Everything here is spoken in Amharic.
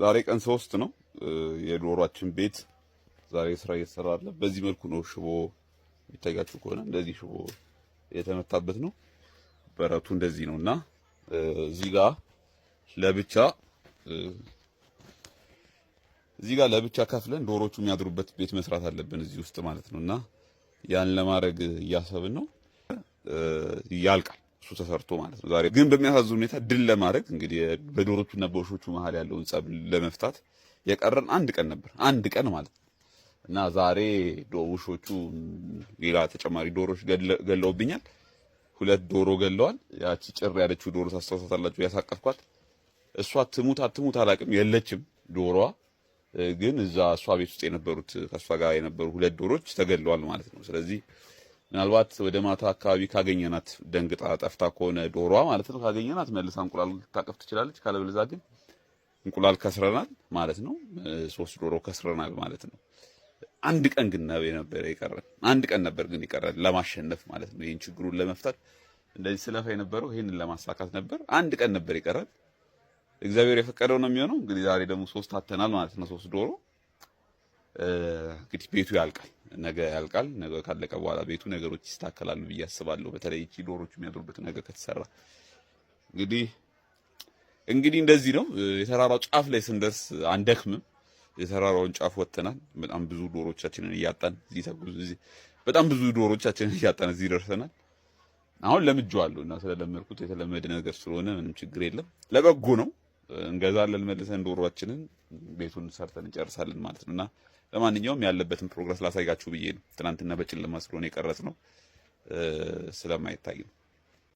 ዛሬ ቀን ሶስት ነው። የዶሯችን ቤት ዛሬ ስራ እየተሰራ አለ። በዚህ መልኩ ነው ሽቦ የሚታያችሁ ከሆነ እንደዚህ ሽቦ የተመታበት ነው። በረቱ እንደዚህ ነው እና እዚህ ጋር ለብቻ እዚህ ጋር ለብቻ ከፍለን ዶሮቹ የሚያድሩበት ቤት መስራት አለብን እዚህ ውስጥ ማለት ነው እና ያን ለማድረግ እያሰብን ነው። ያልቃል እሱ ተሰርቶ ማለት ነው። ዛሬ ግን በሚያሳዝን ሁኔታ ድል ለማድረግ እንግዲህ በዶሮቹና በውሾቹ መሀል ያለውን ጸብ ለመፍታት የቀረን አንድ ቀን ነበር፣ አንድ ቀን ማለት ነው እና ዛሬ ውሾቹ ሌላ ተጨማሪ ዶሮች ገለውብኛል። ሁለት ዶሮ ገለዋል። ያቺ ጭር ያለችው ዶሮ ታስታውሳታላችሁ፣ ያሳቀፍኳት እሷ ትሙት አትሙት አላቅም፣ የለችም ዶሮዋ ግን እዛ እሷ ቤት ውስጥ የነበሩት ከእሷ ጋር የነበሩ ሁለት ዶሮች ተገለዋል ማለት ነው። ስለዚህ ምናልባት ወደ ማታ አካባቢ ካገኘናት ደንግጣ ጠፍታ ከሆነ ዶሯ ማለት ነው ካገኘናት መልሳ እንቁላል ልታቀፍ ትችላለች። ካለበለዛ ግን እንቁላል ከስረናል ማለት ነው። ሶስት ዶሮ ከስረናል ማለት ነው። አንድ ቀን ግን ነበር የቀረን። አንድ ቀን ነበር ግን የቀረን ለማሸነፍ ማለት ነው። ይህን ችግሩን ለመፍታት እንደዚህ ስለፋ የነበረው ይህንን ለማሳካት ነበር። አንድ ቀን ነበር የቀረን። እግዚአብሔር የፈቀደው ነው የሚሆነው። እንግዲህ ዛሬ ደግሞ ሶስት አተናል ማለት ነው። ሶስት ዶሮ እንግዲህ ቤቱ ያልቃል። ነገ ያልቃል። ነገ ካለቀ በኋላ ቤቱ ነገሮች ይስተካከላሉ ብዬ አስባለሁ። በተለይ እቺ ዶሮች የሚያድሩበት ነገ ከተሰራ እንግዲህ እንግዲህ እንደዚህ ነው። የተራራው ጫፍ ላይ ስንደርስ አንደክምም። የተራራውን ጫፍ ወጥተናል። በጣም ብዙ ዶሮቻችንን እያጣን እዚህ ተጉዝ እዚህ በጣም ብዙ ዶሮቻችንን እያጣን እዚህ ደርሰናል። አሁን ለምጄዋለሁ እና ስለለመድኩት የተለመደ ነገር ስለሆነ ምንም ችግር የለም። ለበጎ ነው። እንገዛለን መልሰን ዶሮችንን ቤቱን ሰርተን እንጨርሳለን ማለት ነው። እና ለማንኛውም ያለበትን ፕሮግረስ ላሳይጋችሁ ብዬ ነው። ትናንትና በጨለማ ስለሆነ የቀረጽ ነው ስለማይታይ ነው።